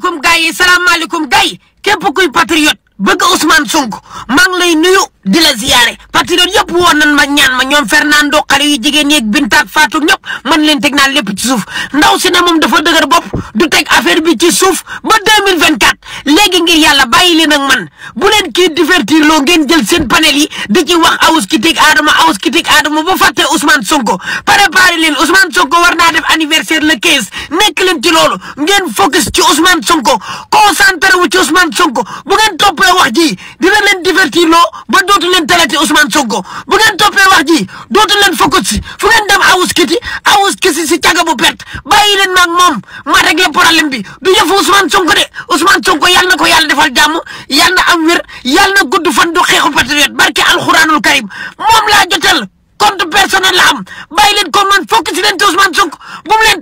salaamaaleykum gars yi salaamaaleykum gars yi képp kuy patriote bëgg Ousmane Sonko maa ngi lay nuyu di la ziyaare patriote yëpp woon nan ma ñaan ma ñoom Fernando xale yu jigéen yeeg Bintaak Fatou ñëpp man leen teg naa lépp ci suuf ndaw si ne moom dafa dëgër bopp du teg affaire bi ci suuf ba 2024 leen ak man bu leen kii divertir loo ngeen jël seen panel di ci wax awus kitik Adama awus kitik Adama ba fàtte Ousmane Sonko préparé leen Ousmane Sonko war naa def anniversaire le 15 nekk leen ci loolu ngeen focus ci Ousmane Sonko concentré wu ci Ousmane Sonko bu ngeen toppee wax ji dina leen divertir loo ba dootu leen talati Ousmane Sonko bu ngeen toppee wax ji dootu leen focus fu ngeen dem awus kiti awus kisi si caga bu perte bàyyi len maag moom maa réglé problème bi du yëfu Ousmane Sonko de Ousmane Sonko yàlla na ko yàlla defal jàmm yàlla na am wér yàlla na gudd fan du xeexu patriote barke alxuraanul karim moom laa jotal compte personnel la am bàyyi leen ko man fokk si leen te Ousmane Sonko bu mu leen